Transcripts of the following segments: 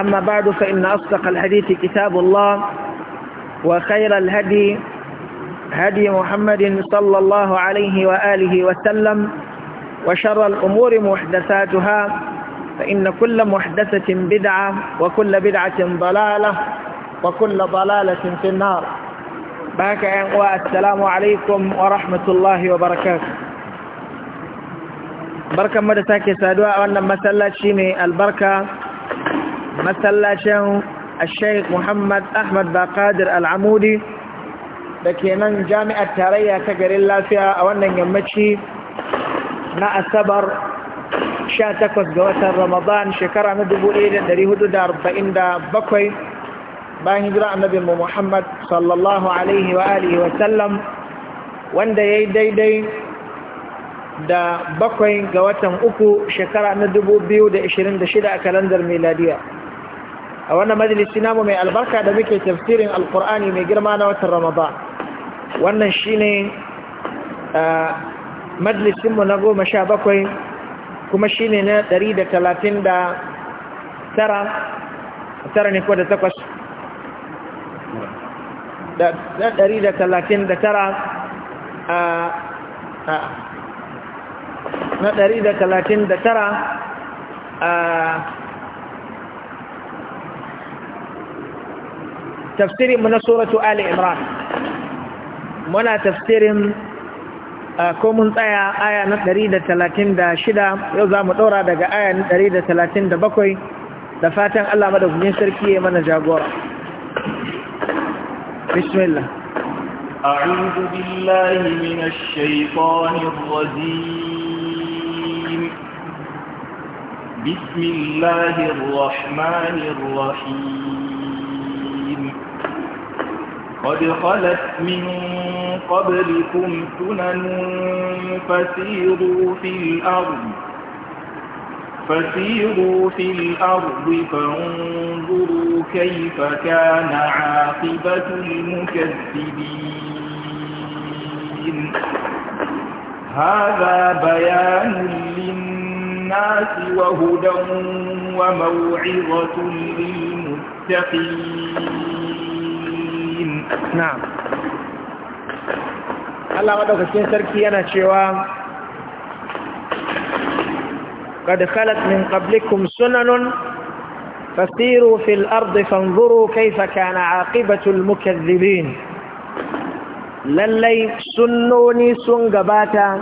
أما بعد فإن أصدق الحديث كتاب الله وخير الهدي هدي محمد صلى الله عليه وآله وسلم وشر الأمور محدثاتها فإن كل محدثة بدعة وكل بدعة ضلالة وكل ضلالة في النار باك والسلام عليكم ورحمة الله وبركاته بركة مدتك سادواء وأن سلت شيني البركة masallacin Sheikh Muhammad Ahmad Baqadir Al'amudi da ke nan jami'ar tarayya ta garin lafiya a wannan yammaci na Asabar 18 ga watan Ramadan shekara na 1447 bayan hijira annabin mu Muhammad sallallahu alaihi wa alihi wa sallam wanda yi daidai da bakwai ga watan uku shekara na 2026 a kalandar miladiya a wannan majalisi namu mai albarka da muke tafsirin alkur'ani mai girma na watan ramadan wannan shi ne majalisinmu na goma sha bakwai kuma shi ne na ɗari da talatin da tara tara ne ko da takwas da ɗari da talatin da tara na ɗari da talatin da tara تفسير من سورة آل إمران منا تفسيري آه، كومن آية آية نتريد تلاتين دا شدا يوزا مطورة دا آية نتريد تلاتين دا بكوي دا فاتن الله مدوك من سركي من جاغورة بسم الله أعوذ بالله من الشيطان الرجيم بسم الله الرحمن الرحيم قد خلت من قبلكم سنن فسيروا في الأرض فسيروا في الأرض فانظروا كيف كان عاقبة المكذبين هذا بيان للناس وهدى وموعظة للمتقين na Allah maɗaukakin sarki yana cewa kada min ƙablikun sunanun fasiru fil arzi fanzuru kai faka na aqibatul mukazzibin lallai sunoni sun gabata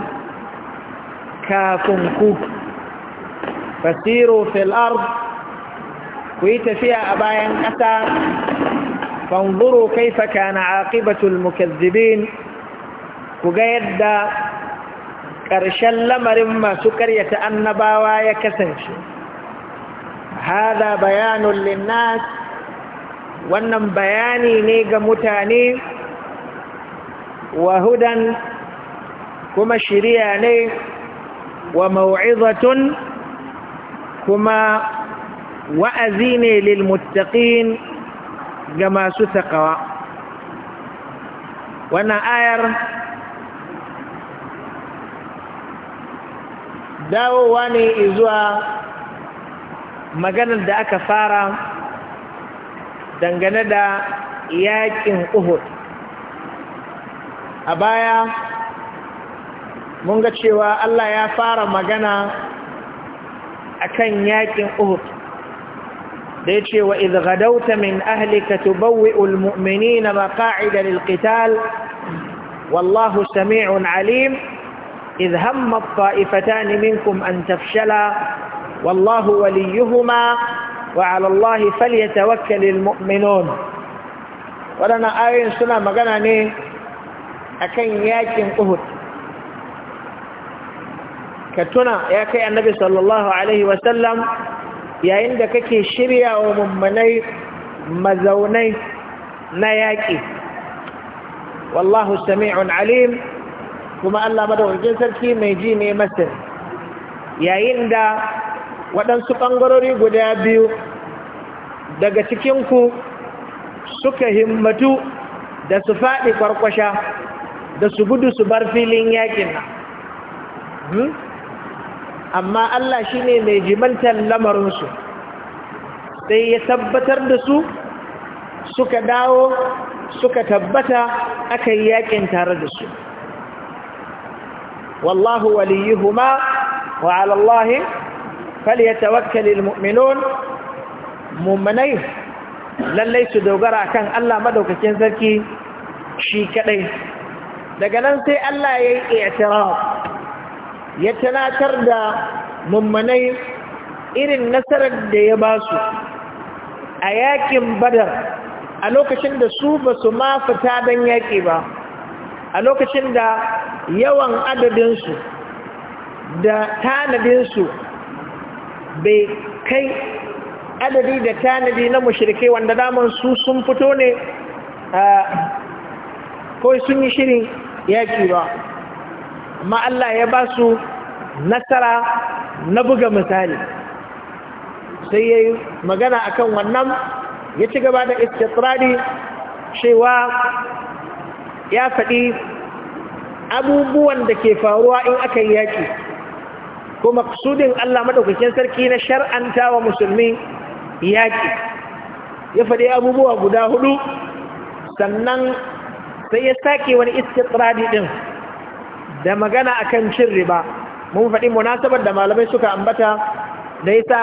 kafin ku fil arzi ku tafiya a bayan ƙasa فانظروا كيف كان عاقبة المكذبين وقيد قرش اللمر ما سكر ي ت أ ويكسنش هذا بيان للناس ونم بياني نيجا متاني وهدى كما شرياني وموعظة كما وأزيني للمتقين ga masu takawa wannan ayar dawowa ne zuwa maganar da aka fara dangane da yakin uhud a baya mun ga cewa Allah ya fara magana akan yakin uhud ديتشي وإذ غدوت من أهلك تبوئ المؤمنين مقاعد للقتال والله سميع عليم إذ هم الطائفتان منكم أن تفشلا والله وليهما وعلى الله فليتوكل المؤمنون ولنا آية سنة مغناني أكين ياكين أهد كتنا ياكي النبي صلى الله عليه وسلم yayin da kake shirya wa mummunai mazaunai na yaƙi wallahu sami'un alim kuma Allah madawacin sarki mai ji ne masir yayin da waɗansu ɓangarori guda biyu daga cikinku suka himmatu da su faɗi ƙwarƙwasha da su gudu su bar filin yaƙin nan hmm? amma Allah shi ne mai jimantar lamarinsu sai ya tabbatar da su suka dawo suka tabbata aka yi yakin tare da su wallahu waliyuhuma wa ala Allah falyatawakkalul mu'minun mu'minai lallai su dogara kan Allah madaukakin sarki shi kadai daga nan sai Allah yayi i'tiraf ya talatar da mummanai irin nasarar da ya ba su a yakin badar a lokacin da su ba su ma fita don yaƙi ba a lokacin da yawan adadinsu da tanadinsu bai kai adadi da tanadi na mushirikai wanda daman su sun fito ne kawai sun yi shirin yaƙi ba amma Allah ya ba su nasara na buga misali sai ya yi magana akan wannan ya ci gaba da istitrari cewa ya faɗi abubuwan da ke faruwa in aka yi yaƙi ko maksudin Allah maɗaukakin sarki na shar'anta wa musulmi yaƙi ya faɗi abubuwa guda hudu sannan sai ya sake wani istitrari ɗin da magana akan cin riba mun faɗi munasabar da malamai suka ambata da sa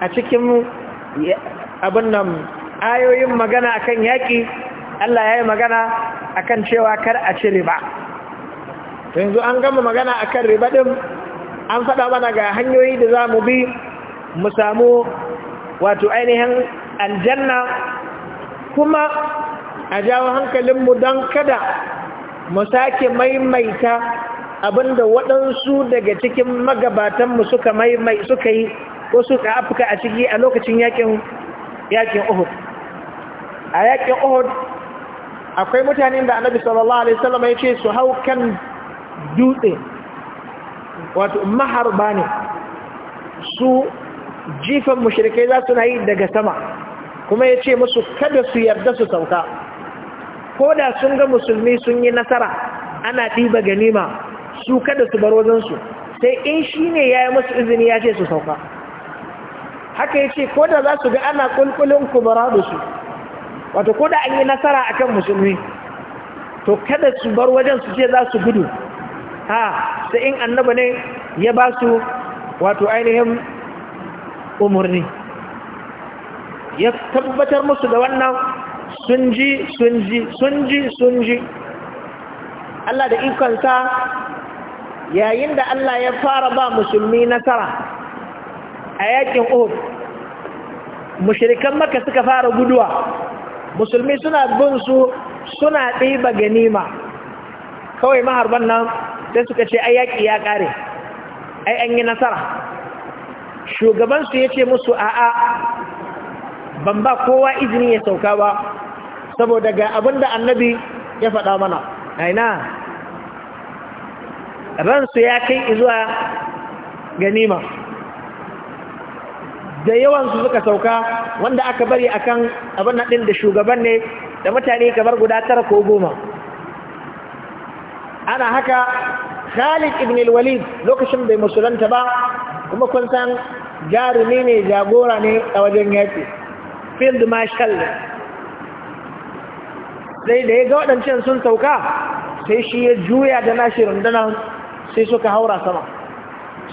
a cikin abin nan ayoyin magana akan yaƙi Allah ya yi magana a kan cewa kar a ci riba yanzu an gama magana akan riba ɗin an faɗa mana ga hanyoyi da za mu bi mu samu wato ainihin aljanna kuma a jawo hankalinmu don kada mu sake maimaita abinda waɗansu daga cikin magabatanmu suka maimai suka yi ko suka afka a ciki a lokacin yakin yakin Uhud a yakin Uhud akwai mutanen da Annabi sallallahu alaihi wasallam ya ce su hau kan dutse wato maharbani, su jifan mushrikai za su na yi daga sama kuma ya ce musu kada su yarda su sauka ko da sun ga musulmi sun yi nasara ana ɗiba ganima su kada su bar wajensu sai in shi ne ya yi musu izini ya ce su sauka haka ya ce ko da za su ga ana ƙulƙulin kubara da su wato ko da an yi nasara a kan musulmi to kada su bar wajen su ce za su gudu ha sai in annaba ne ya ba su wato ainihin umarni ya tabbatar musu da wannan sun ji sun ji sun ji sun ji Allah da ikonsa yayin da Allah ya fara ba musulmi nasara a yakin Uhud mushrikan maka suka fara guduwa musulmi suna bin su suna ɗiba ganima kawai maharban nan sai suka ce ai yaki ya ƙare ai an yi nasara shugabansu ya ce musu a'a ban ba kowa izini ya sauka ba saboda ga abin da annabi ya faɗa mana aina ransu ya kai izuwa ganima da yawansu suka sauka wanda aka bari akan abin ɗin da shugaban ne da mutane kamar guda tara ko goma ana haka khalid ibn walid lokacin bai musulanta ba kuma kun san jarumi ne jagora ne a wajen yaƙi field marshal sai da ya ga waɗancan sun sauka sai shi ya juya da nashi rundunar sai suka haura sama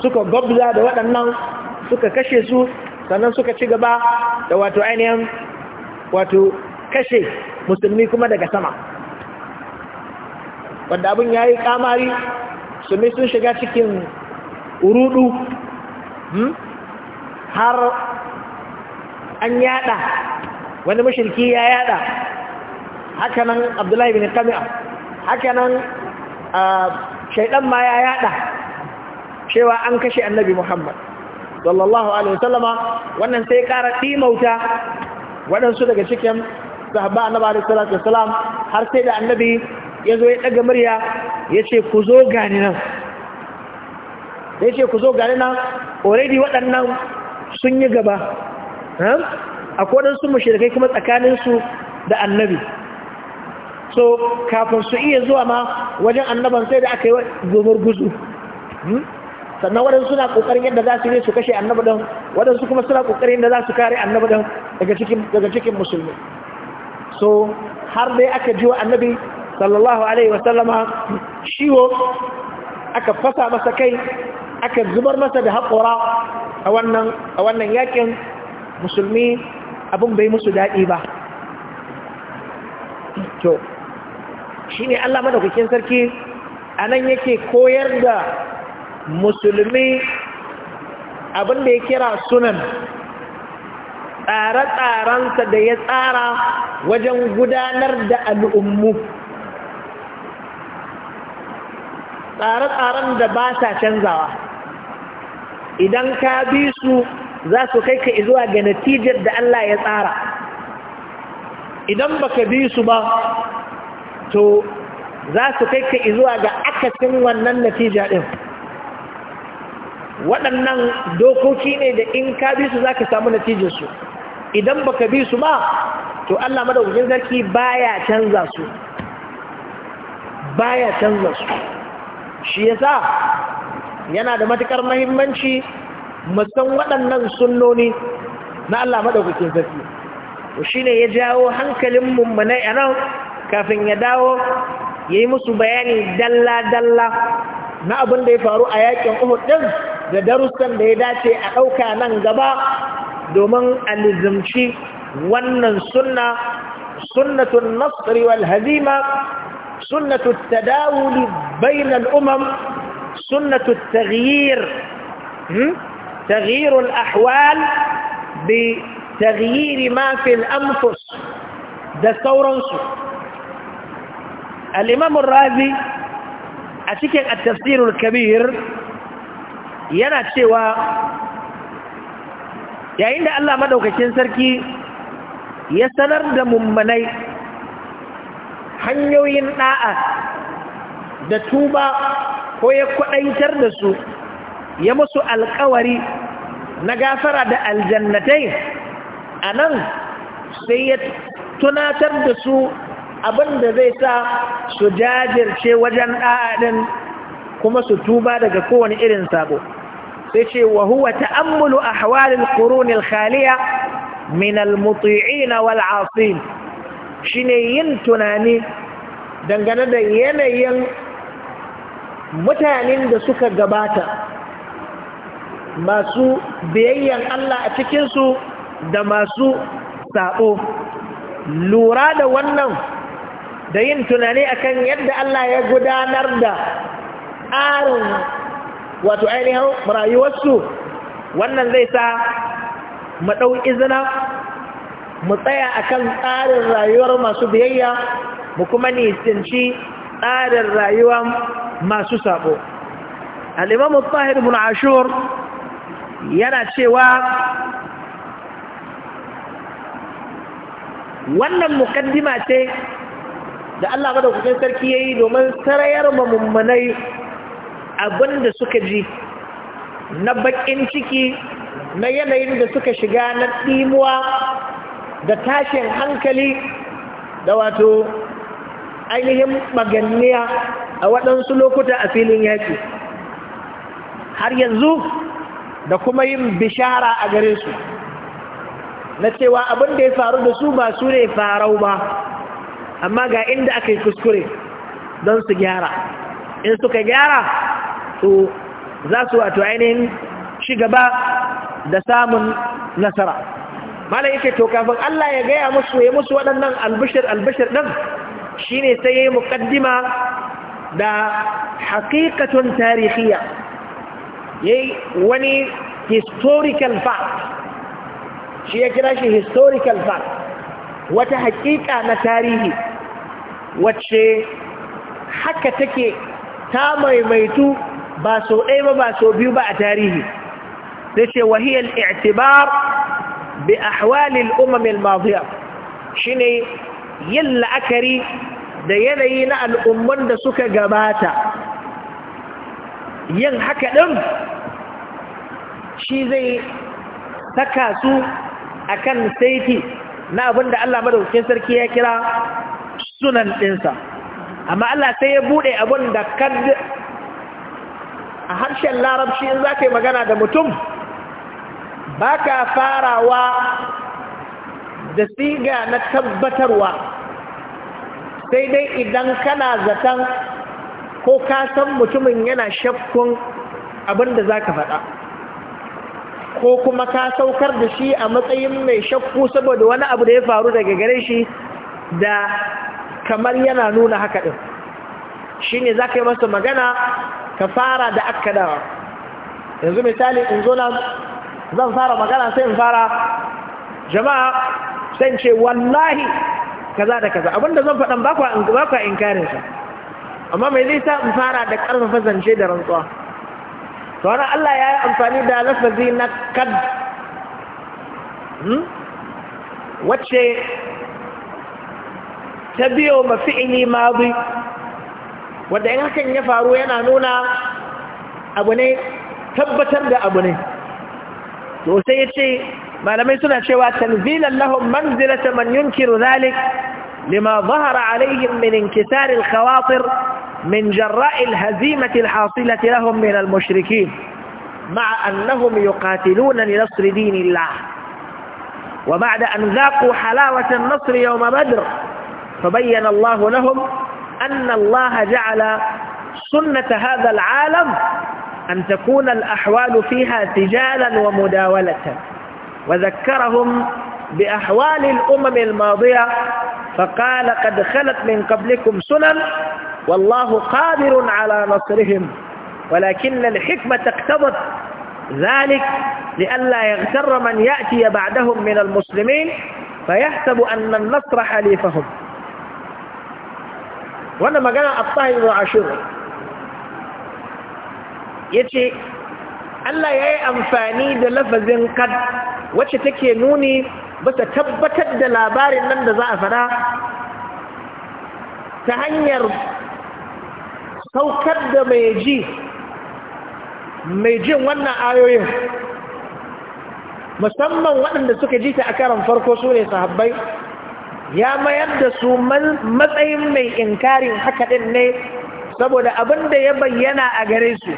suka gwabza da waɗannan suka kashe su sannan suka ci gaba da wato ainihin wato kashe musulmi kuma daga sama wanda abin ya yi kamari mai sun shiga cikin urudu hmm? har an yada wani mashirki ya yada hakanan abdullahi bin kami'a hakanan shaidan ma ya yada cewa an kashe annabi muhammad sallallahu alaihi wasallama wannan sai kara timauta waɗansu daga cikin sahaba annabi alaihi salatu wasalam har sai da annabi ya zo ya ɗaga murya ya ce ku zo gani nan ya ce ku zo gani nan already waɗannan sun yi gaba eh? a kodansu mashirikai kuma tsakaninsu da annabi so kafin su iya zuwa ma wajen annaban sai da aka yi gomar guzu hmm? sannan waɗansu suna ƙoƙarin yadda za su ne su kashe annabi ɗan waɗansu kuma suna ƙoƙarin yadda za su kare annabi ɗan daga cikin musulmi so har dai aka ji wa annabi sallallahu alaihi wasallama shiwo aka fasa masa kai aka zubar masa da haƙora a wannan yakin musulmi abin bai musu daɗi ba to ne Allah madaukakin sarki a nan yake koyar da musulmi abinda ya kira sunan tsare-tsarensa da ya tsara wajen gudanar da al'ummu tsare-tsaren da ba sa canzawa idan ka bi su za su kai ka zuwa ga natijar da Allah ya tsara idan baka bi su ba to za su kai ka izuwa ga akasin wannan natija ɗin waɗannan dokoki ne da in ka bi su za ka samu natijinsu idan ba ka bi su ba to Allah madaukakin sarki baya canza su baya canza su shi yasa yana da matukar mahimmanci musan waɗannan sunnoni na Allah madaukakin sarki shi shine ya jawo hankalin mummunai nan? kafin ya dawo ya yi musu bayani dalla-dalla na abin da ya faru a yakin Uhud ɗin da darussan da ya dace a ɗauka nan gaba domin alizumci wannan sunna sunnatun nasri wal hazima sunnatun tadawuli bainal umam sunnatun taghyir تغيير hmm? Ahwal, بتغيير ما في الأنفس da sauransu. al'imamun razi a cikin attafsirul kabir yana cewa yayin da Allah maɗaukakin sarki ya sanar da mummanai hanyoyin ɗa'a da tuba ko ya kwaɗaitar da su ya musu alkawari na gafara da aljannatai a nan sai ya tunatar da su abin da zai sa su jajirce wajen ɗa'adin kuma su tuba daga kowane irin sabo sai ce wa huwa ta'ammulu ahwalil qurunil khaliya minal al na wal'afin. Shi shine yin tunani dangane da yanayin mutanen da suka gabata masu biyayyan Allah a cikinsu da masu sabo lura da wannan da yin tunani akan yadda Allah ya gudanar da tsarin wato ainihin rayuwarsu wannan zai sa mu ɗau izina mu tsaya akan tsarin rayuwar masu biyayya mu kuma nisanci tsarin rayuwa masu sabo al'imamu tahir bin ashur yana cewa wannan mukaddima ce da Allah da madaukakin sarki ya yi domin sarayar mamummanai abinda suka ji na bakin ciki na yanayin da suka shiga na ɗimuwa da tashin hankali da wato ainihin maganniya a waɗansu lokuta a filin yaƙi har yanzu da kuma yin bishara a gare su na cewa abin da ya faru da su ba su ne farau ba amma ga inda aka yi kuskure don su gyara in suka gyara su za su wato ainihin ci gaba da samun nasara malam yake to kafin Allah ya gaya musu ya musu waɗannan albishir albishir ɗin shine sai ya yi muƙaddima da haƙiƙatun tarihiyya, ya yi wani historical fact shi ya kira shi historical fact wata haƙiƙa na tarihi wacce haka take ta maimaitu ba sau ɗaya ba ba sau biyu ba a tarihi da ce wahiyar i'tibar bi ahwalil umamin mafiya. shi ne yin la'akari da yanayi na al'umman da suka gabata yin haka ɗin shi zai saka su akan saiti na abin da Allah madaukin sarki ya kira sunan ɗinsa amma Allah sai ya buɗe abin da kad a harshen larabci in za ka yi magana da mutum ba ka farawa da siga na tabbatarwa sai dai idan kana zaton ko ka san mutumin yana shakkun abin da za ka faɗa ko kuma ka saukar da shi a matsayin mai shakku saboda wani abu da ya faru daga gare shi da kamar yana nuna haka ɗin shi ne za ka yi masa magana ka fara da akkadawa yanzu misali in zo na zan fara magana sai in fara jama'a sai ce wallahi kaza da kaza abinda zan faɗan ba kwa inkarinsa amma mai zai sa in fara da ƙarfafa zance da rantsuwa sauran Allah ya yi amfani da lafazi na kad hmm, wacce ta biyo ma fi'ili madi wanda in hakan ya faru yana nuna abu ne tabbatar da abu ne to sai ya ce malamai suna cewa tanzilan lahum manzilata man yunkiru zalik lima zahara alaihim min inkisar al-khawatir من جراء الهزيمة الحاصلة لهم من المشركين مع أنهم يقاتلون لنصر دين الله وبعد أن ذاقوا حلاوة النصر يوم بدر فبين الله لهم أن الله جعل سنة هذا العالم أن تكون الأحوال فيها تجالا ومداولة وذكرهم بأحوال الأمم الماضية فقال قد خلت من قبلكم سنن والله قادر على نصرهم ولكن الحكمة اقتضت ذلك لئلا يغتر من يأتي بعدهم من المسلمين فيحسب أن النصر حليفهم wannan magana abdullahi ibn ashur yace Allah ya yi amfani da lafazin kad wacce take nuni bata tabbatar da labarin nan da za a fara ta hanyar saukar da mai ji mai jin wannan ayoyin musamman waɗanda suka ji ta a karan farko su ne sahabbai ya mayar da su matsayin mai inkarin haka ɗin ne saboda abin da ya bayyana a gare su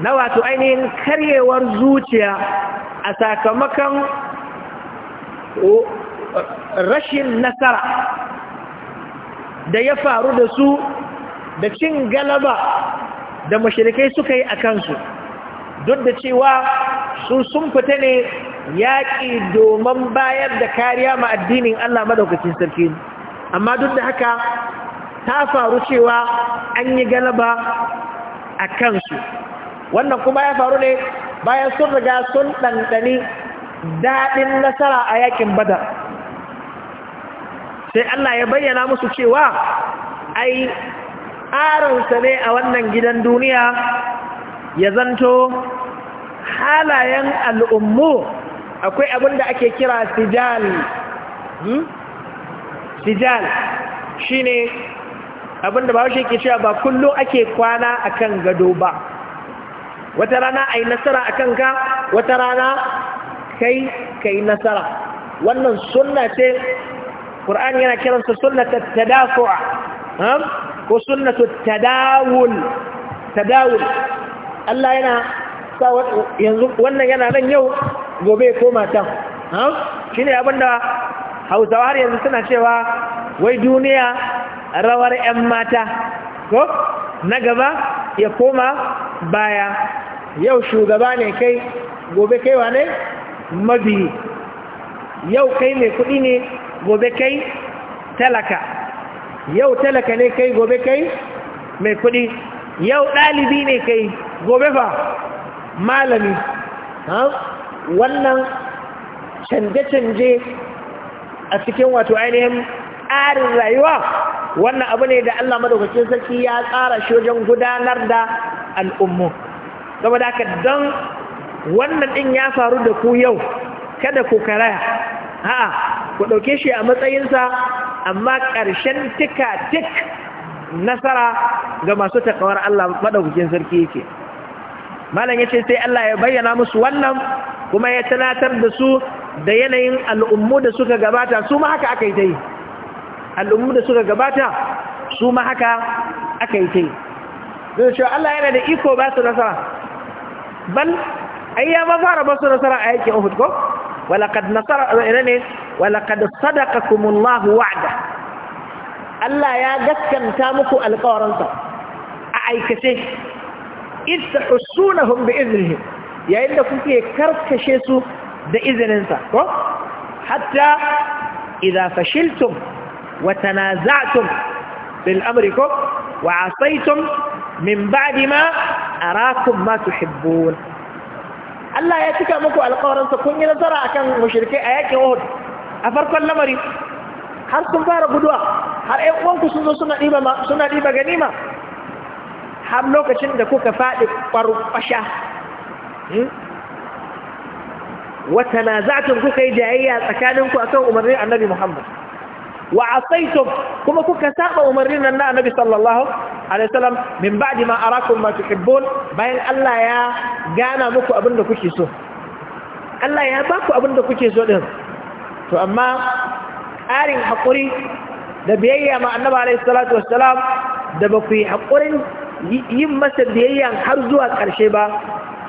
na wato ainihin karyewar zuciya a sakamakon rashin nasara da ya faru da su da cin galaba da mashirikai suka yi a kansu duk da cewa su sun fita ne yaƙi domin bayar da kariya ma addinin Allah madaukacin sarki amma duk da haka ta faru cewa an yi galaba a kansu wannan kuma ya faru ne bayan sun riga sun ɗanɗani daɗin nasara a yaƙin badar sai Allah ya bayyana musu cewa ai ƙaransa ne a wannan gidan duniya ya zanto halayen al'ummu akwai abin da ake kira sijal hmm? sijal shi ne abin da bahaushe ke cewa ba kullum ake kwana akan gado ba wata rana a yi nasara a kanka wata rana kai ka yi nasara wannan sunna ce ƙur'an yana kiransa sunnatar tadafu'a hmm? ko sunnatar tadawul tadawul Allah yana sa yanzu wannan yana nan yau gobe ya koma can shi ne abinda hausawa har yanzu suna cewa wai duniya rawar 'yan mata ko na gaba ya koma baya yau shugaba ne kai gobe kai wane mabi yau kai mai kuɗi ne gobe kai talaka yau talaka ne kai gobe kai mai kuɗi yau ɗalibi ne kai gobe fa malami wannan canje-canje a cikin wato ainihin tsarin rayuwa wannan abu ne da Allah madaukacin sarki ya tsara shi gudanar da al'ummu saboda haka don wannan ɗin ya faru da ku yau kada ku karaya a'a ku ɗauke shi a matsayinsa amma ƙarshen tika tik nasara ga masu takawar Allah madaukacin sarki yake malam yace sai Allah ya bayyana musu wannan kuma ya tunatar da su da yanayin al'ummu da suka gabata su ma haka aka yi ta yi al'ummu da suka gabata su ma haka aka yi ta yi don cewa Allah yana da iko ba su nasara bal ai ya ma fara ba su nasara a yakin Uhud ko walaqad nasara ina ne walaqad sadaqakumullahu wa'da Allah ya gaskanta muku alƙawarinsa a aikace idda husunahum bi iznihi yayin da kuke karkashe su da izininsa ko hatta idza fashiltum wa tanaza'tum bil amri ko wa asaytum min ba'di ma arakum ma tuhibbun Allah ya cika muku alƙawarinsa kun yi nasara kan mushrikai a yakin Uhud a farkon lamari har sun fara guduwa har ƴan uwanku sun zo suna ɗiba ganima har lokacin da kuka faɗi ƙwarƙwasha hmm? wata na zatin kuka yi jayayya tsakaninku akan umarnin annabi Muhammad wa asaitum kuma kuka saba umarnin nan na annabi sallallahu alaihi salam, min ba'di ma arakum ma tuhibbun bayan Allah ya gana muku abin da kuke so Allah ya ba ku abin da kuke so din to amma ƙarin haƙuri da biyayya ma annabi alaihi salatu Salam da ba ku yi haƙurin yin masa biyayyan har zuwa ƙarshe ba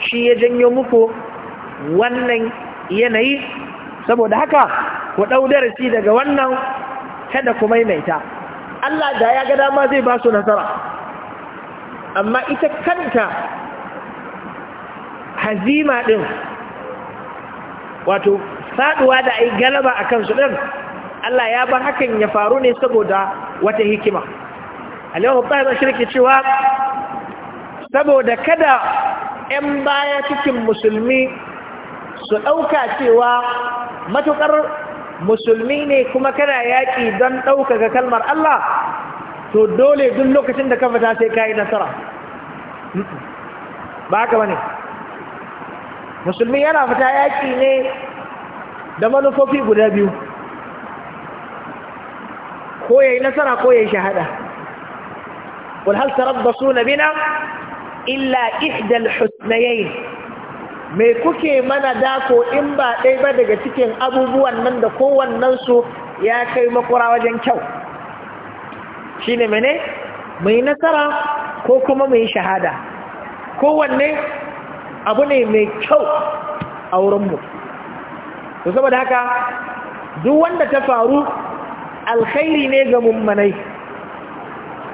shi ya janyo muku wannan yanayi saboda haka ku ɗau darasi daga wannan kada ku maimaita Allah da ya ga dama zai ba su nasara amma ita kanta hazima ɗin wato faɗuwa da ai galaba a kansu ɗin Allah ya bar hakan ya faru ne saboda wata hikima. Aliyu Hukka shirki cewa saboda kada 'yan baya cikin musulmi su ɗauka cewa matuƙar musulmi ne kuma kana yaƙi don ɗaukaka kalmar Allah to dole duk lokacin da ka fita sai ka yi nasara ba haka bane musulmi yana fita yaƙi ne da manufofi guda biyu ko ya yi nasara ko ya yi shahada قل هل تربصون Bina. illa ihdal husnayayn me kuke mana dako in ba ɗai ba daga cikin abubuwan nan da kowannensu ya kai makura wajen kyau shi ne mene mai nasara ko kuma mai shahada kowanne abu ne mai kyau a wurinmu to saboda haka duk wanda ta faru alkhairi ne ga mummanai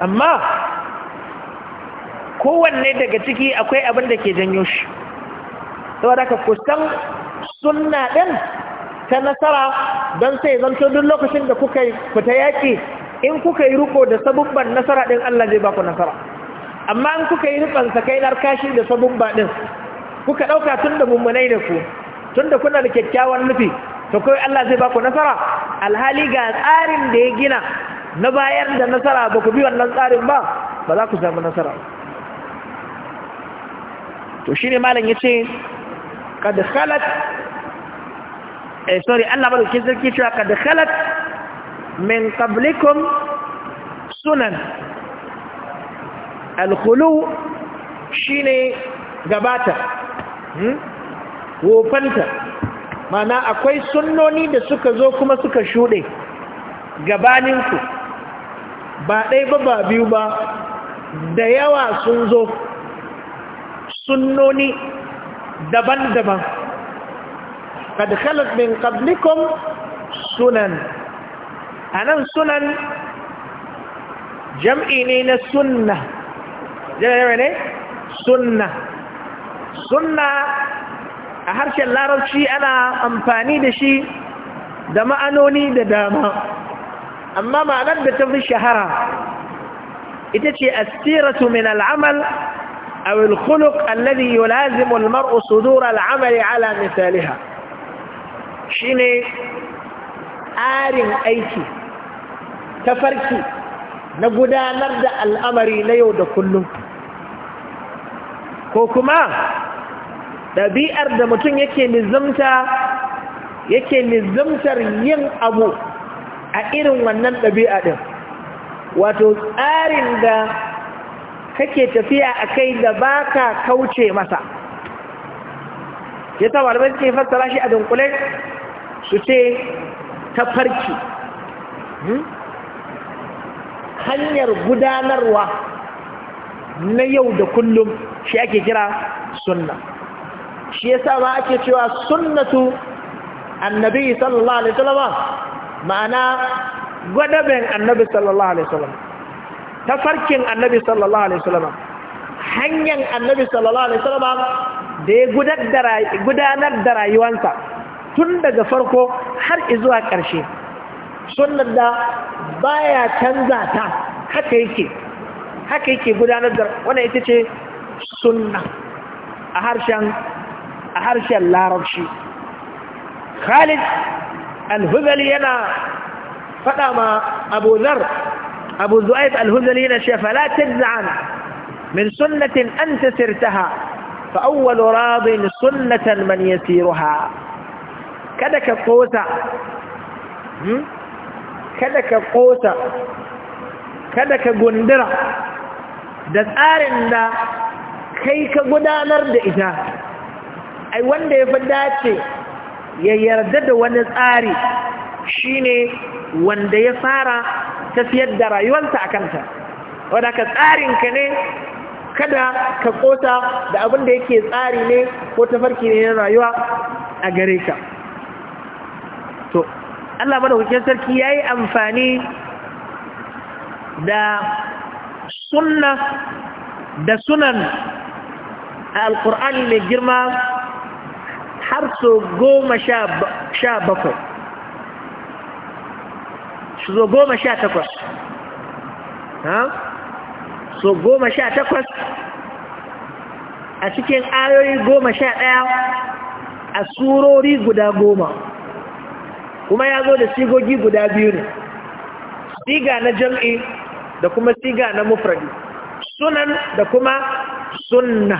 amma kowanne daga ciki akwai abin da ke janyo shi saboda ka kusan sunna ɗin ta nasara don sai zanto duk lokacin da kuka fita yaƙi in kuka yi riko da sabubban nasara ɗin Allah zai baku nasara amma in kuka yi rikon sakainar kashi da sabubba ɗin kuka ɗauka tun da mummunai da ku tun da kuna da kyakkyawan nufi to kawai Allah zai baku nasara alhali ga tsarin da ya gina na bayan da nasara ba ku bi wannan tsarin ba ba za ku samu nasara ba. to shi ne malam ya ce kada khalat eh sorry Allah ba dauke sarki cewa kada khalat min qablikum sunan al shine gabata hmm? wofanta mana akwai sunnoni da suka zo kuma suka shuɗe gabaninku ba ɗai ba ba biyu ba da yawa sun zo sunnoni daban-daban قد min من sunan, anan sunan jam'i ne na sunna jami'a ne sunna sunna a harshen larabci ana amfani da shi da ma'anoni da dama amma ma'anar da ta fi shahara ita ce asiratu min al'amal أو الخلق الذي يلازم المرء صدور العمل على مثالها شيني آرين أيكي تفركي نقودا نبدأ الأمر ليود كله كوكما ɗabi'ar da mutum yake nizamta yake nizamtar yin abu a irin wannan ɗabi'a ɗin wato tsarin da kake tafiya a kai da ba ka kauce masa ya tawar bai ke fassara shi a dunkule su ce ta farki hmm? hanyar gudanarwa na yau da kullum shi ake kira sunna shi yasa ma ake cewa sunnatu annabi sallallahu alaihi wasallam ma'ana gwadaben annabi sallallahu alaihi wasallam Ta farkin annabi sallallahu alaihi wasallam hanyar annabi sallallahu alaihi wasallam da ya gudanar da rayuwansa tun daga farko har zuwa ƙarshe sunnar da baya canza ta haka yake haka yake gudanar da wannan ita ce sunna a harshen a harshen larabci Khalid al-Hubali yana faɗa ma Abu Dharr أبو ذؤيب الهذلين شف لا تجزع من سنة أنت سرتها فأول راض سنة من يسيرها كدك القوسة كدك القوسة كدك قندرة دس إن كيك قدا نرد إذا أي وان دي فداتي يردد آري shine wanda ya fara tafiyar da rayuwarsa a kanta wadda ka tsarin ka ne kada ka kota da abin da yake tsari ne ko tafarki ne na rayuwa a gare ka to Allah madaukakin sarki ya yi amfani da sunna da sunan a alkur'ani mai girma har so goma sha bakwai su zo goma sha takwas so goma sha takwas a cikin ayoyi goma sha ɗaya a surori guda goma kuma ya zo da sigogi guda biyu ne siga na jam'i da kuma siga na mufradi sunan da kuma sunna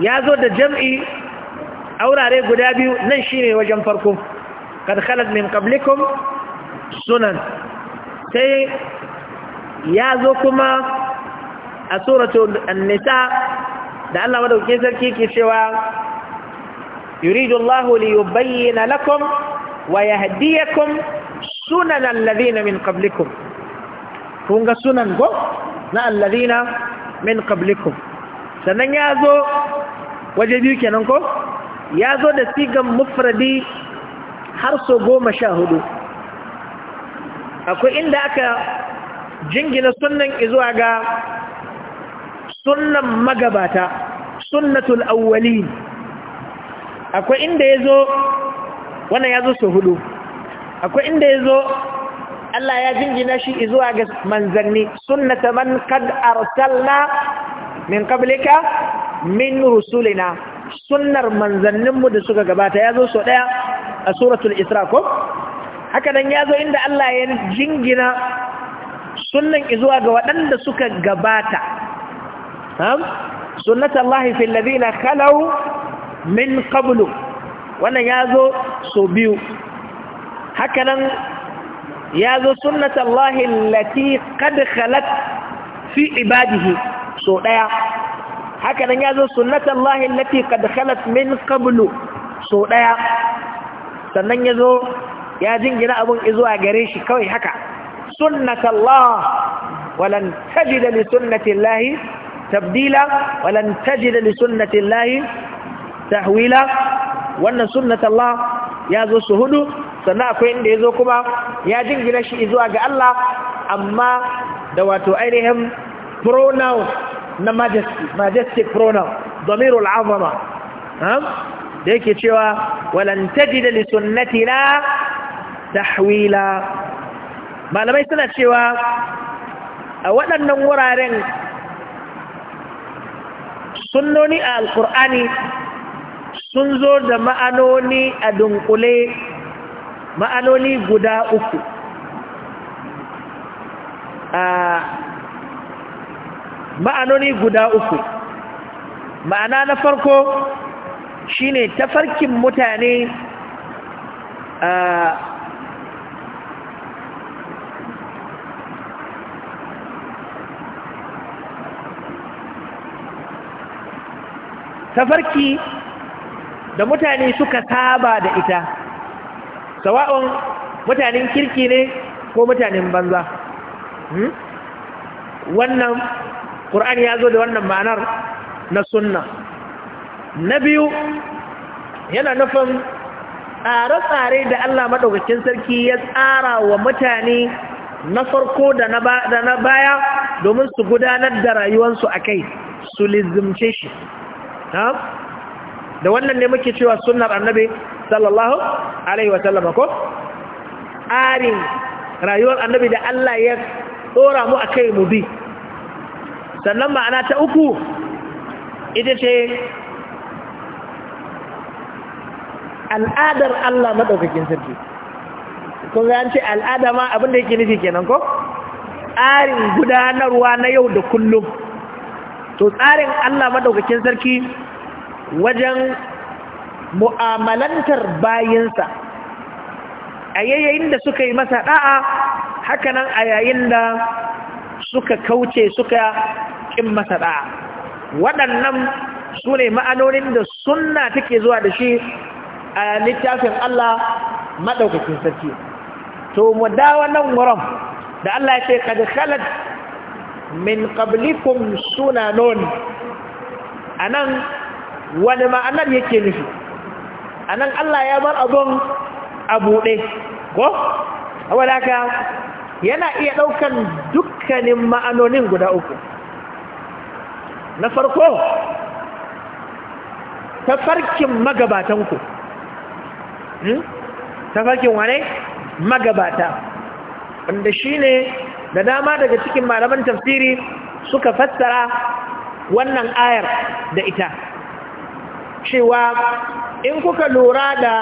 ya zo da jam'i aurare guda biyu nan shi ne wajen farko kad khalat min qablikum sunan sai ya zo kuma a suratu nisa da Allah madauke sarki ke cewa yuridullahu Allah li yubayyana lakum wa yahdiyakum sunan alladhina min qablikum kun ga sunan go na alladhina min qablikum sannan ya zo waje biyu kenan ko ya zo da sigan mufradi har so goma sha hudu akwai inda aka jingina sunan izuwa ga sunan magabata sunnatul awwali akwai inda ya zo wannan ya zo su hudu akwai inda ya zo Allah ya jingina shi izuwa ga manzanni sunnata man kad arsalna min qablika min rusulina sunnar manzanninmu da suka gabata ya zo so daya a suratul isra ko haka nan ya zo inda Allah ya jingina sunnan izuwa ga waɗanda suka gabata sunnatan Allahi fi lalzina kalau min qablu wannan ya zo so biyu haka nan ya zo sunnatan Allahi lati kad khalat fi ibadihi so ɗaya haka nan ya zo sunnatan Allahi lati kad khalat min qablu so ɗaya sannan ya zo ya jingina abun izuwa gare shi kawai haka sunnatallah walan tajida li sunnatillahi tabdila walan tajida li sunnatillahi tahwila wannan sunnatallah ya zo su hudu sannan akwai inda ya zo kuma ya jingina shi izuwa ga Allah amma da wato ainihin pronoun na majesty majestic pronoun domirul العظمه ها da yake cewa walan tajida li sunnatina tahwila malamai suna cewa a waɗannan wuraren sunnoni a alkur'ani sun zo da ma'anoni a dunkule ma'anoni guda uku ma'anoni guda uku ma'ana na farko Shi shine tafarkin mutane tafarki da mutane suka saba da ita sawa'on mutanen kirki ne ko mutanen banza hmm? wannan ƙur'ani ya zo da wannan ma'anar na sunna na biyu yana nufin tsare-tsare da Allah maɗaukakin sarki ya tsara wa mutane na farko da na baya domin su gudanar da rayuwarsu a kai su lizimce shi da wannan ne muke cewa sunnar annabi sallallahu alaihi wasallam ko tsarin rayuwar annabi da Allah ya tsora mu a kai mu bi sannan ma'ana ta uku ita ce al'adar Allah maɗaukakin sarki kun ga ce al'ada ma abin da yake nufi kenan ko tsarin gudanarwa na yau da kullum to tsarin Allah maɗaukakin sarki wajen mu'amalantar bayinsa a yayin da suka yi masa da'a hakanan a yayin da suka kauce suka ƙin masa ɗa'a waɗannan su ne ma'anonin da sunna take zuwa da shi a littafin Allah maɗaukacin sarki to mu da nan wurin da Allah ya ce kada khalat min qablikum sunanun anan wani ma'anar yake nufi anan Allah ya bar abun a buɗe ko wadda yana iya ɗaukan dukkanin ma'anonin guda uku na farko ta farkin magabatanku Hmm? tafarkin wane magabata wanda shi ne da dama daga cikin malaman tafsiri suka fassara wannan ayar da ita cewa in kuka lura da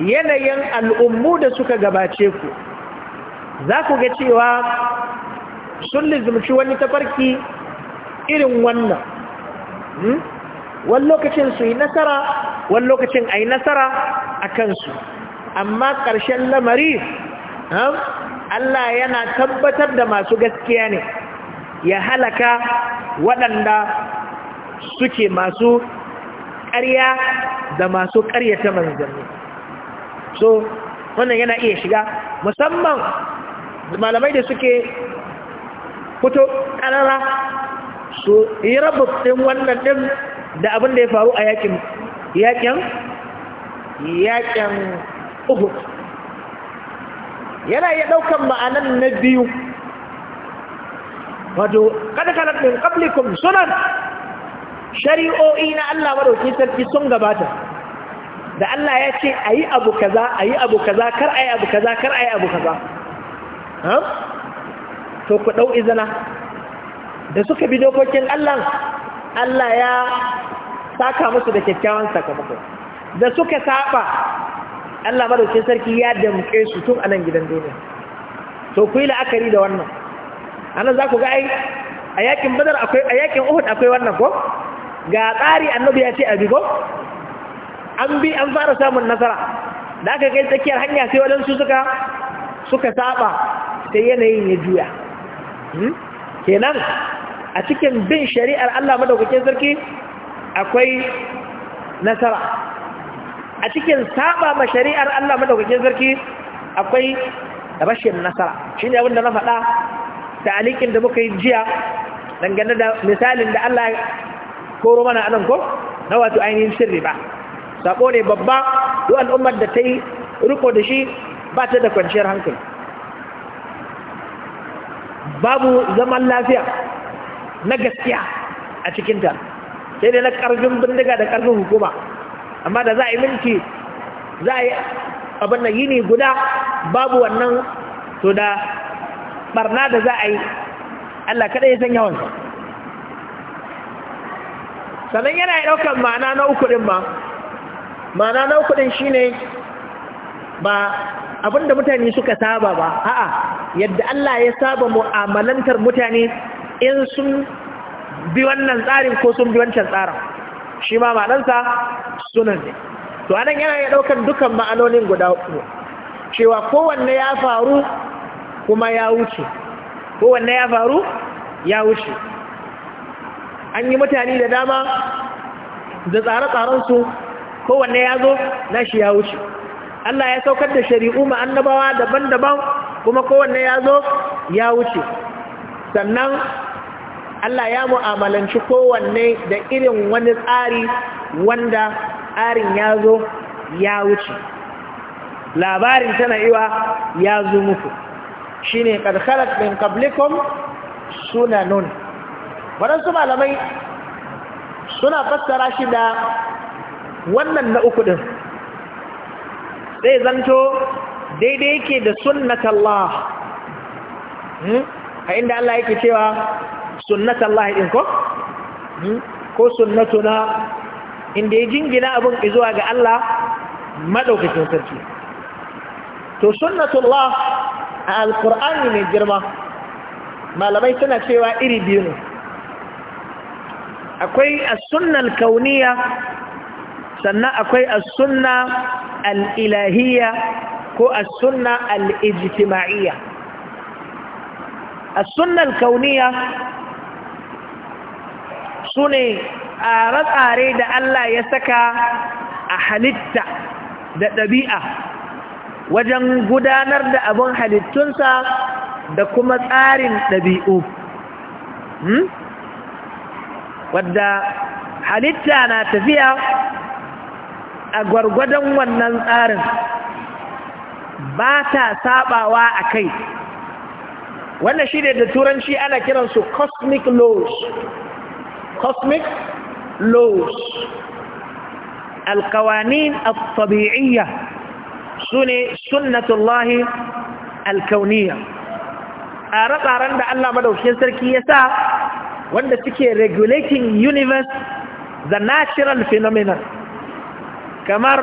yanayin al'ummu da suka gabace ku za ku ga cewa sun lizumci wani tafarki irin wannan hmm? wani lokacin su yi nasara wani lokacin a yi nasara a kansu amma ƙarshen lamari Allah yana tabbatar da masu gaskiya ne ya halaka waɗanda suke masu ƙarya da masu ƙarya ta manzanni so wannan yana iya shiga musamman malamai da suke fito ƙarara su yi ɗin wannan ɗin da abin da ya faru a yakin yaƙin uhud yana iya ɗaukan ma'anan na biyu wato ƙadakalar ɗin ƙablikum sunan shari'o'i na Allah maɗauki sarki sun gabata da Allah ya ce a yi abu kaza a yi abu kaza kar a yi abu kaza kar a yi abu kaza to ku ɗau izina da suka bi dokokin Allah Allah ya saka musu da kyakkyawan sakamako da suka saba Allah madaukin sarki ya damke su tun anan gidan duniya to ku yi la'akari da wannan anan za ku ga ai a yakin badar akwai a yakin uhud akwai wannan ko ga tsari annabi ya ce a bigo an bi an fara samun nasara da aka kai tsakiyar hanya sai su suka suka saba sai yanayin ya juya hmm? kenan a cikin bin shari'ar Allah madaukakin sarki akwai nasara a cikin saba ma shari'ar Allah madaukakin sarki akwai rashin nasara shine abin da na faɗa ta alikin da muka yi jiya dangane da misalin da Allah koro mana anan ko na wato ainihin sirri ba sako ne babba duk al'ummar da ta yi riko da shi ba ta da kwanciyar hankali babu zaman lafiya na gaskiya a cikinta sai dai na ƙarfin bindiga da ƙarfin hukuma amma da za a yi minti za a yi abin da yini guda babu wannan to da barna da za a yi Allah kada ya san sa. sannan yana yi ɗaukar ma'ana na uku ɗin ba ma'ana na uku ɗin shi ne ba abinda mutane suka saba ba a'a yadda Allah ya saba mu'amalantar mutane in sun bi wannan tsarin ko sun bi wancan tsarin shi ma ma'anansa sunan ne to anan yana ya ɗaukar dukan ma'anonin guda uku cewa kowanne ya faru kuma ya wuce kowanne ya faru ya wuce an yi mutane da dama da tsare-tsarensu kowanne ya zo na shi ya wuce Allah ya saukar da shari'u ma'annabawa daban-daban kuma kowanne ya zo ya wuce sannan Allah ya mu'amalanci kowanne da irin wani tsari wanda tsarin ya zo ya wuce labarin tana iwa ya zo muku shi ne ƙarƙarar ɗin ƙablikon suna nun waɗansu malamai suna fassara shi da wannan na uku ɗin zai zanto daidai yake da sunnatallah, hmm? a inda Allah yake cewa sunnatallahi din ko hmm? ko sunnatuna inda ya jingina abin izuwa ga Allah madaukakin sarki to sunnatullah a alqur'ani mai girma malamai suna cewa iri biyu ne akwai a sunnal kauniyya sannan akwai a sunna al ko a sunna al a as kauniya su ne tsare-tsare da Allah ya saka a halitta da ɗabi'a wajen gudanar da abin halittunsa da kuma tsarin ɗabi'u hmm? wadda halitta na tafiya a gwargwadon wannan tsarin ba ta sabawa a kai wannan shi da turanci ana kiransu cosmic laws خصمك لوز القوانين الطبيعية سنة الله الكونية a ratsaren da Allah madaushin sarki ya sa wanda suke regulating universe the natural phenomena kamar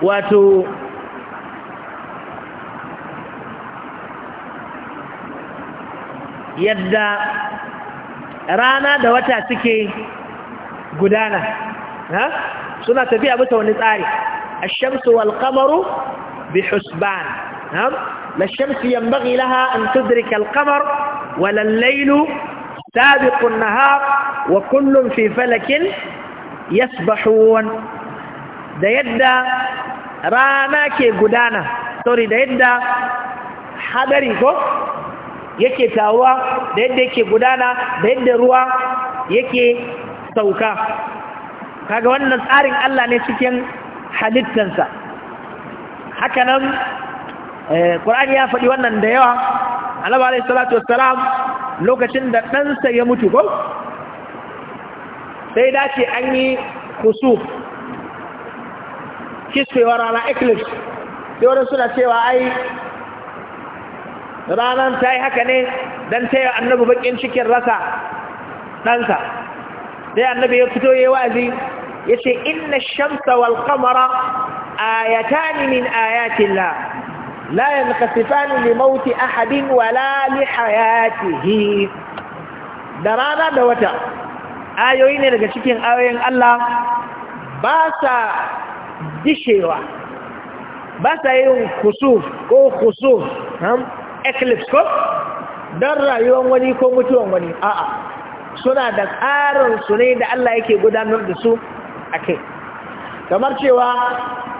wato yadda rana da wata suke gudana ha suna tafiya bisa wani tsari ash-shamsu wal qamaru bi husban ha la shamsu yanbaghi laha an tudrika al-qamar wal laylu sabiqu an-nahar wa kullun fi falakin yasbahun da yadda rana ke gudana sorry da yadda hadari ko yake taruwa da yadda yake gudana da yadda ruwa yake sauka kaga wannan tsarin Allah ne cikin halittansa hakanan eh, Qur'ani ya faɗi wannan da yawa Annabi alayhi salatu wassalam lokacin da ɗansa ya mutu ko sai dace an yi kusuf kisfewar rana eclipse sai suna cewa ai ranar ta yi haka ne don taya annabi bakin cikin rasa ɗansa sai annabi ya fito ya wa'azi ya ce inna shamsa wal kamara ayatani min ayatillah la yanqasifani li mauti ahadin wala li hayatihi da rana da wata ayoyi ne daga cikin ayoyin Allah ba sa dishewa ba sa yin kusur ko kusur. eclipse don rayuwan wani ko mutuwan wani a'a suna da tsarin su ne da Allah yake gudanar da su a kai kamar cewa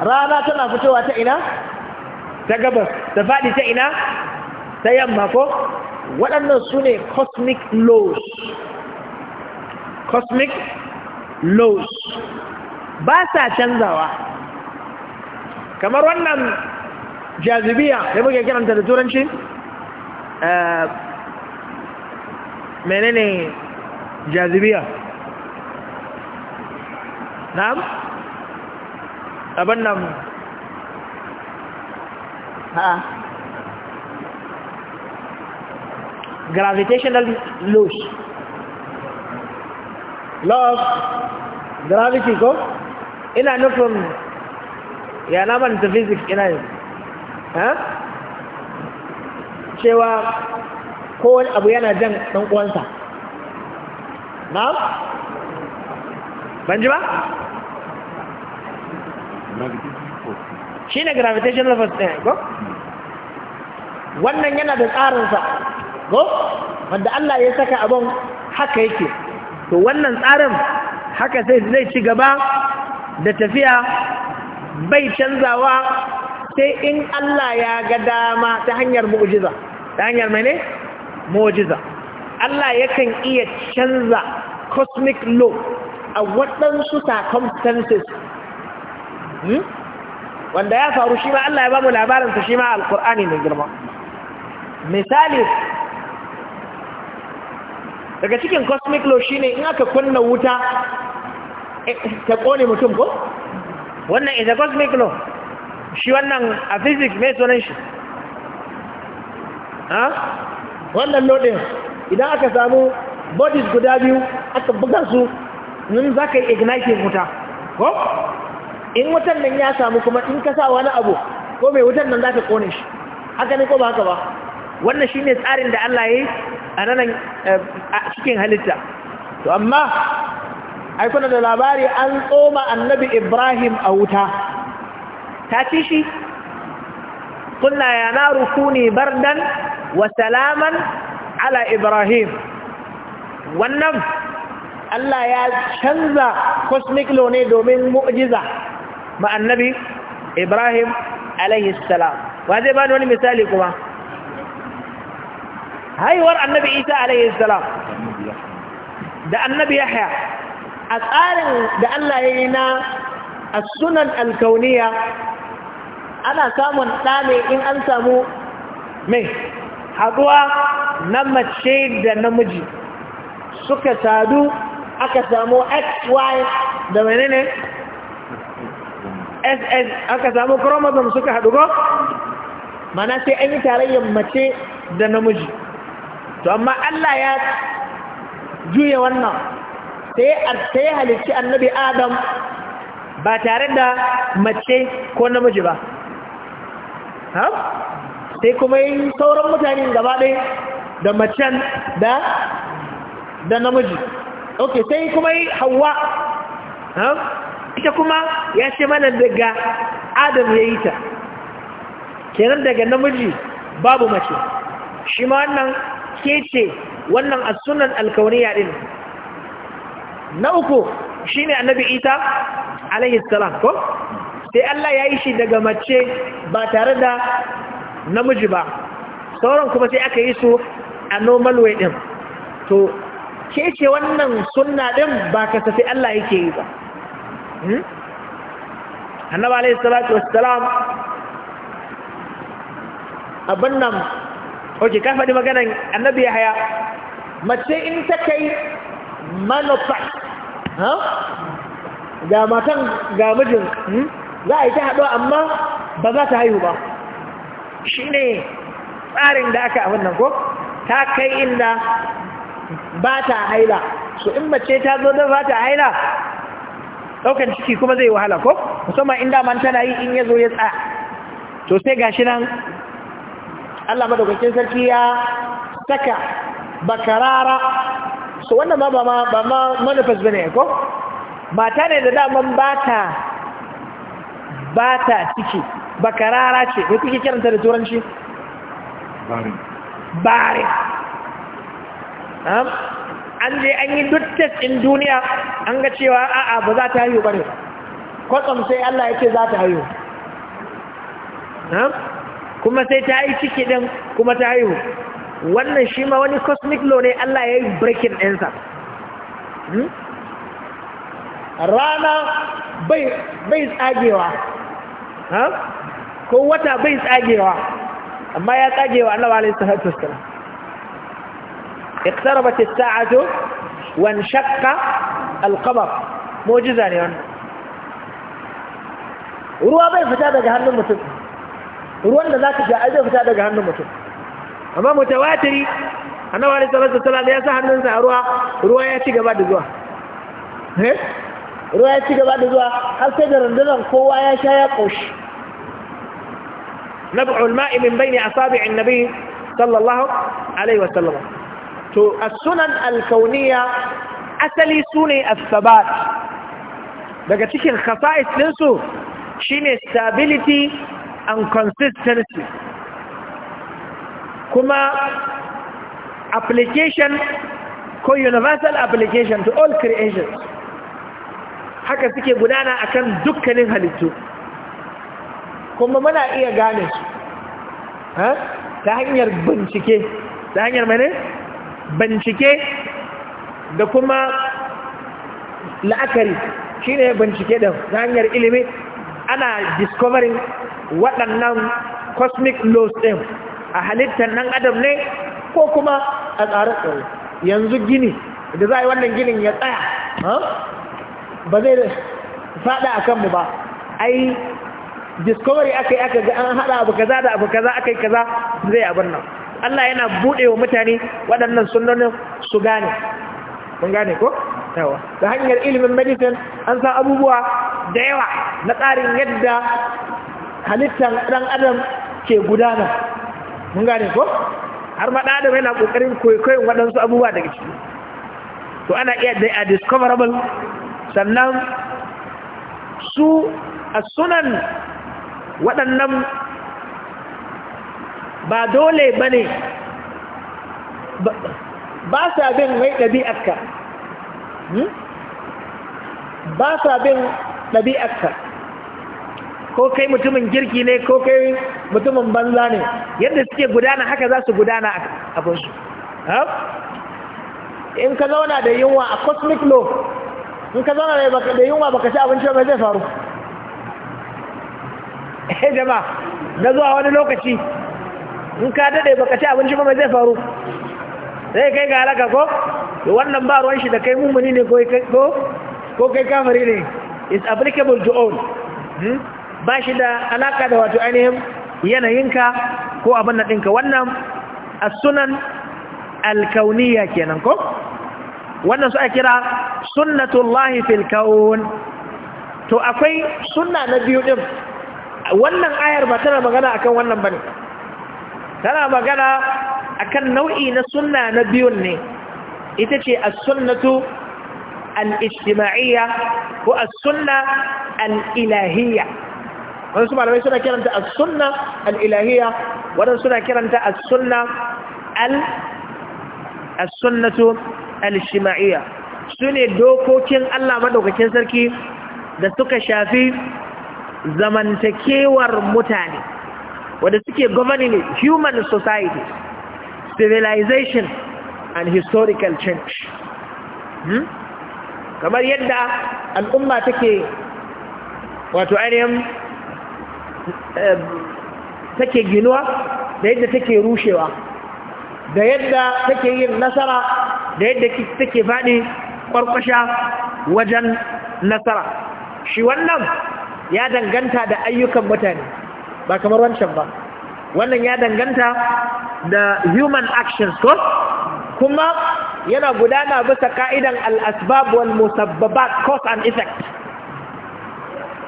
rana tana fitowa ta ina ta gabas ta faɗi ta ina ta yamma ko waɗannan su ne cosmic laws cosmic laws ba sa canzawa kamar wannan jazibiya da muke kiranta da turanci menene jazibiya na'am abin nan ha gravitational loss loss gravity ko ina nufin ya na the physics ina yi huh? cewa kowane abu yana jan ɗan uwansa na'am ban ji ba shi ne gravitational force ɗin go wannan yana da tsarinsa go wanda Allah ya saka abin haka yake to wannan tsarin haka sai zai ci gaba da tafiya bai canzawa sai in Allah ya ga dama ta hanyar mu'ujiza. ta hanyar mai ne mojiza Allah yakan iya canza cosmic law a waɗansu circumstances hmm? wanda ya faru shi ma Allah ya ba mu labarinsa shi ma alƙur'ani mai girma misali daga cikin cosmic law shine in aka kunna wuta eh, ta ƙone mutum ko wannan is a cosmic law shi wannan a physics mai sunan shi ha wannan lodin idan aka samu bodies guda biyu aka buga su nun za ka yi igniting wuta ko in wutan nan ya samu kuma in ka sa wani abu ko mai wutan nan za ka kone shi haka ne ko ba haka ba wannan shi ne tsarin da Allah ya yi a nanan eh, cikin halitta to amma aikuna da labari an tsoma annabi ibrahim a wuta ta ci shi kuna ya rukuni bardan Wasalaman ala Ibrahim wannan Allah ya canza cosmic law ne domin mu'jiza ma annabi Ibrahim alayhis salam wa zai bani wani misali kuma haihuwar annabi Isa alayhis salam da annabi Yahya a tsarin da Allah ya yi na as-sunan al-kauniyya ana samun ɗa ne in an samu mai haɗuwa na mace da namiji suka sadu aka samu xy da ne ss aka samu chromosome suka haɗu ko mana sai an yi tarayyar mace da namiji to amma Allah ya juya wannan sai ya halicci annabi adam ba tare da mace ko namiji ba sai kuma yi sauran mutane gaba ɗaya da macen da da namiji ok sai kuma yi hawa ita kuma ya ce mana daga adam ya yi ta kenan daga namiji babu mace shi ma wannan ke ce wannan asunan alkauniya ɗin na uku shi ne annabi isa salam ko sai Allah ya yi shi daga mace ba tare da namiji ba sauran kuma sai aka yi su a normal way din to ke ce wannan sunna din ba kasafi Allah yake yi ba hmm? annaba alayhi salatu wassalam abin nan oke ka faɗi maganan annabi haya mace in ta kai manufat ga matan ga mijin hmm? za a yi ta haɗo amma ba za ta haihu ba shi ne tsarin da aka abin nan ko ta kai inda ba ta haila so in mace ta zo don ba ta haila ɗaukan ciki kuma zai wahala ko musamman inda man tana yi in ya zo ya tsaya to sai gashi nan Allah madaukakin sarki ya saka bakarara so wannan ba ma manufas bane ko mata ne da daman ba ta ba ta ciki ba rara ce mai kuke kiranta da turanci? bare an je an yi duttas in duniya an ga cewa a'a ba za ta hayo ba ne kwatsam sai Allah ya ce za ta hayo kuma sai ta yi ciki din kuma ta hayo wannan shi ma wani cosmic law ne Allah ya yi breaking ɗinsa hmm? rana bai tsagewa ko wata bai tsagewa amma ya tsagewa annabi alaihi salatu wassalam iqtarabat as-sa'atu wa shakka al-qamar mu'jiza ne wannan ruwa bai fita daga hannun mutum ruwan da zaka sha zai fita daga hannun mutum amma mutawatiri annabi alaihi salatu wassalam ya sa hannunsa a ruwa ruwa ya ci gaba da zuwa eh ruwa ya ci gaba da zuwa har sai da rundunar kowa ya sha ya ƙoshi نبع الماء a بين أصابع النبي صلى الله عليه وسلم تو السنن الكونية أسلي سني الثبات daga cikin khasa'is ɗinsu shine stability and consistency kuma application ko universal application to all creations haka suke gudana a kan dukkanin halittu kuma muna iya gane su ta hanyar bincike ta hanyar mani bincike da kuma la'akari shi ne bincike da ta hanyar ilimi ana discovering waɗannan cosmic laws ɗin a halittar nan adam ne ko kuma a tsarar yanzu gini da za a yi wannan ginin ya tsaya ba zai faɗa a kanmu ba ai discovery aka yi aka ga an haɗa abu kaza da abu kaza aka yi kaza zai abin nan Allah yana buɗe wa mutane waɗannan sunanin su gane kun gane ko? yawa da hanyar ilimin medicine an san abubuwa da yawa na tsarin yadda halittar ɗan adam ke gudana mun gane ko? har ma ɗan adam yana ƙoƙarin kwaikwayon waɗansu abubuwa daga ciki to ana iya a discoverable sannan su a sunan waɗannan ba dole ba ne ba sa bin wai ɗabi'arka hmm? ba sa bin ɗabi'arka ko kai mutumin girki ne ko kai mutumin banza ne yadda suke gudana haka za su gudana a kunsu in ka zauna da yunwa a cosmic law in ka zauna da yunwa baka ci abinci ba zai faru eh jama na zuwa wani lokaci in ka dade baka ci abinci ba zai faru zai kai ga halaka ko wannan ba ruwan shi da kai mumuni ne ko ko ko kai kamari ne is applicable to all hmm? ba shi da alaka da wato ainihin yanayinka ko abin da ɗinka wannan as-sunan al-kauniyya kenan ko wannan su a kira sunnatullahi fil kaun to akwai sunna na biyu din wannan ayar ba tana magana akan wannan bane tana magana akan nau'i na sunna na biyun ne ita ce as-sunnatu al-ijtima'iyya ko as-sunna al-ilahiyya wannan su malamai suna kiranta as-sunna al-ilahiyya wannan suna kiranta as-sunna al-sunnatu al-shima'iyya sune dokokin Allah madaukakin sarki da suka shafi zamantakewar mutane wanda suke governing human society civilization and historical change hmm? kamar yadda al'umma take wato ainihin eh, take ginuwa da yadda take rushewa da yadda take yin nasara da yadda take faɗi ƙwarƙwasha wajen nasara shi wannan ya danganta da ayyukan mutane ba kamar wancan ba wannan ya danganta da human actions ko kuma yana gudana bisa ka'idan al'asbab wal musabbabat cause and effect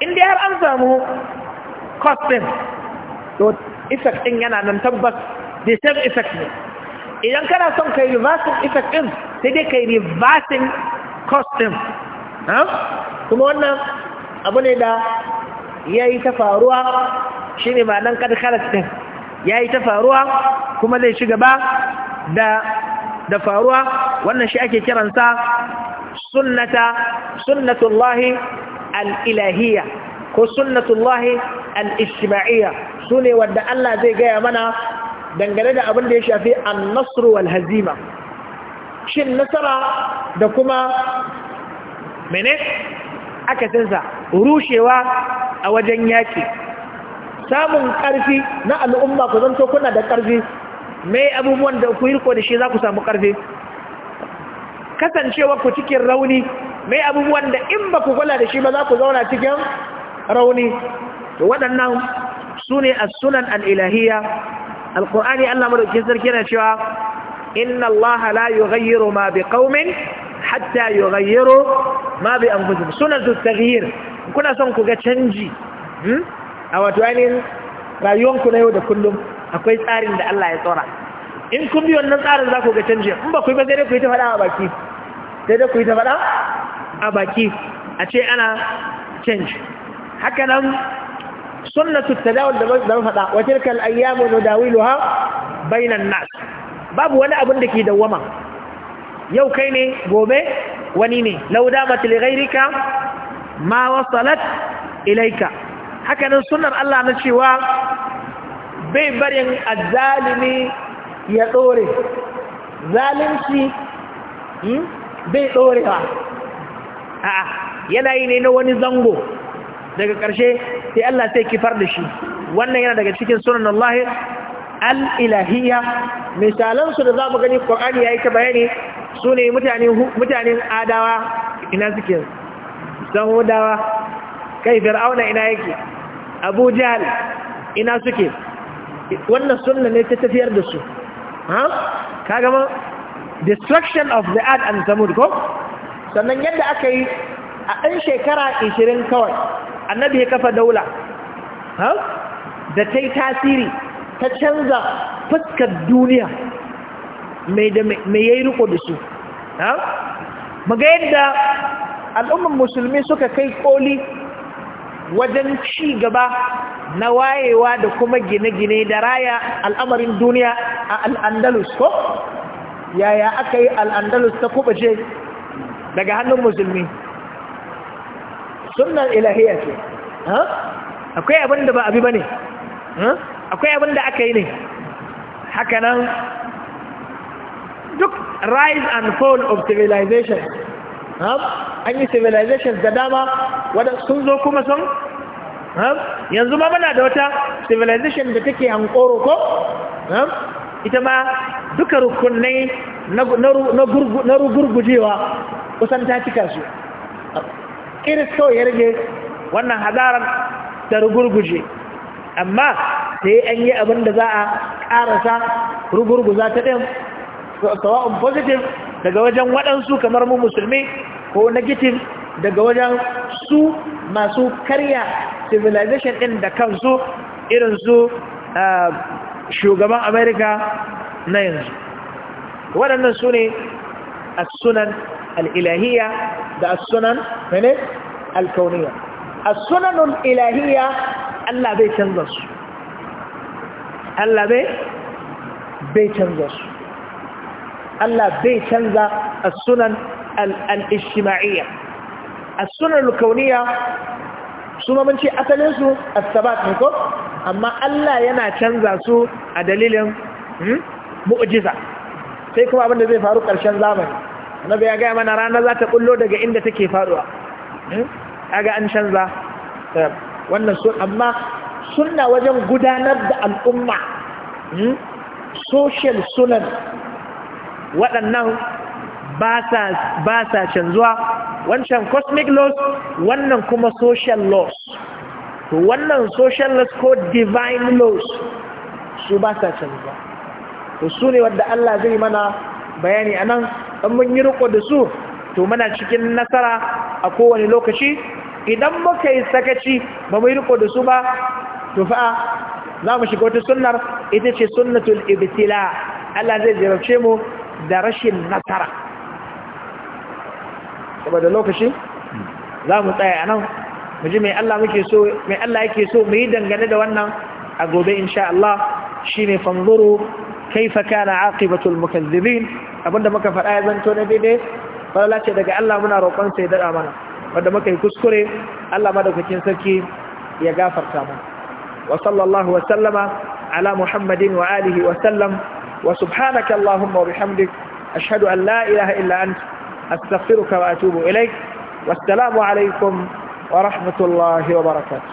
inda har an samu cause din to effect din yana nan tabbas the same effect ne idan kana son kayi reversing effect din sai dai kai reversing cost din kuma wannan abu ne da ya yi ta faruwa shi ne ma nan kadkarat din ya yi ta faruwa kuma zai shiga ba da faruwa wannan shi ake kiransa sunnata sunnatullahi al'ilahiyya ko sunnatullahi al'ishtima'iyya su ne wadda Allah zai gaya mana dangane da abin da ya shafi annasru wal hazima shin nasara da kuma mene aka sansa rushewa a wajen yaƙi samun ƙarfi na al'umma ku zanto kuna da ƙarfi mai abubuwan da ku hirko da shi za ku samu ƙarfi kasancewa ku cikin rauni mai abubuwan da in ba ku da shi ba za ku zauna cikin rauni waɗannan su ne a sunan al'ilahiyya alkur'ani Allah madaukakin sarki yana cewa inna Allah la yughayyiru ma qaumin hatta yughayyiru ma bi anfusihim zu taghyir kuna son ku ga canji hmm? a wato ainihin ku na yau da kullum akwai tsarin da Allah ya tsora in kun bi wannan tsarin za ku ga canji in ba ku yi ba sai dai ku yi ta faɗa a baki sai dai ku yi ta faɗa a baki a ce ana canji haka nan sunnatu tadawul da zan faɗa wa tilka al-ayyamu nudawiluha bainan nas babu wani abin da ke dawwama yau kai ne gobe wani ne lauda matil ghairika ma wasalat ilaika haka nan sunnar Allah na cewa bai barin azzalimi ya dore zalunci hmm, bai dorewa a'a yana yi ne na wani zango daga ƙarshe sai Allah sai kifar da shi wannan yana daga cikin sunan Allah al-ilahiyya misalan da za mu gani ya yayi ta bayani su ne mutanen adawa ina suke samudawa kai fir'auna ina yake abu ina suke wannan sunna ne ta tafiyar da su ha kaga destruction of the ad and samud ko sannan yadda aka yi a ɗan shekara 20 kawai annabi ya kafa daula da ta yi tasiri ta canza fuskar duniya mai yayi riko da su maga yadda al'umman musulmi suka kai koli wajen ci gaba na wayewa da kuma gine-gine da raya al'amarin duniya a al'andalus ko yaya aka yi al'andalus ta kubace daga hannun musulmi sunnar ilahiyya ce akwai abin da ba abi ba ne akwai abin da aka yi ne hakanan duk rise and fall of civilization an yi civilization da dama wadda sun zo kuma sun yanzu ma muna da wata civilization da take hankoro ko ita ma duka rukunai na rugurgujewa kusan ta cika su Iri kawai ya rage wannan hadaran da rugurguje amma sai an yi abin da za a ƙarasa rugurguza ta ɗin sawa'un positif daga wajen waɗansu kamar mu musulmi ko negative daga wajen su masu karya civilization ɗin da kansu irinsu uh, shugaban amerika na yanzu waɗannan su ne a sunan al'ilahiyya da sunan alkauniya sunanul ilahiyya Allah bai canza su Allah bai canza su Allah bai alkauniya mun ce asalinsu asabat ne ko amma Allah yana canza su a dalilin mu'jiza sai kuma abinda zai faru ƙarshen zamani annabi ya gaya mana rana za ta kullo daga inda take faduwa hmm? ga an canza eh, wannan sun amma suna wajen gudanar da al'umma hmm? social sunan waɗannan ba sa canzuwa wancan cosmic laws wannan kuma social laws to wannan social laws ko divine laws su ba sa canzuwa to su ne wadda Allah zai mana bayani anan in mun yi riko da su to muna cikin nasara a kowane lokaci idan muka yi sakaci ba mu yi riko da su ba to fa za mu shiga wata sunnar ita ce sunnatul ibtila Allah zai jarabce mu da rashin nasara saboda lokaci za mu tsaya anan mu ji mai Allah muke so yake so mu yi dangane da wannan a gobe insha Allah shine fanzuru كيف كان عاقبة المكذبين abinda muka faɗa ya zanto na daidai falala ce daga Allah muna roƙon sai daɗa mana wanda muka yi kuskure Allah madaukakin sarki ya gafarta mana wa sallallahu wa sallama ala muhammadin wa alihi wa sallam wa subhanaka allahumma wa bihamdik ashhadu an la ilaha illa ant astaghfiruka wa atubu ilaik wassalamu alaikum wa rahmatullahi wa barakatuh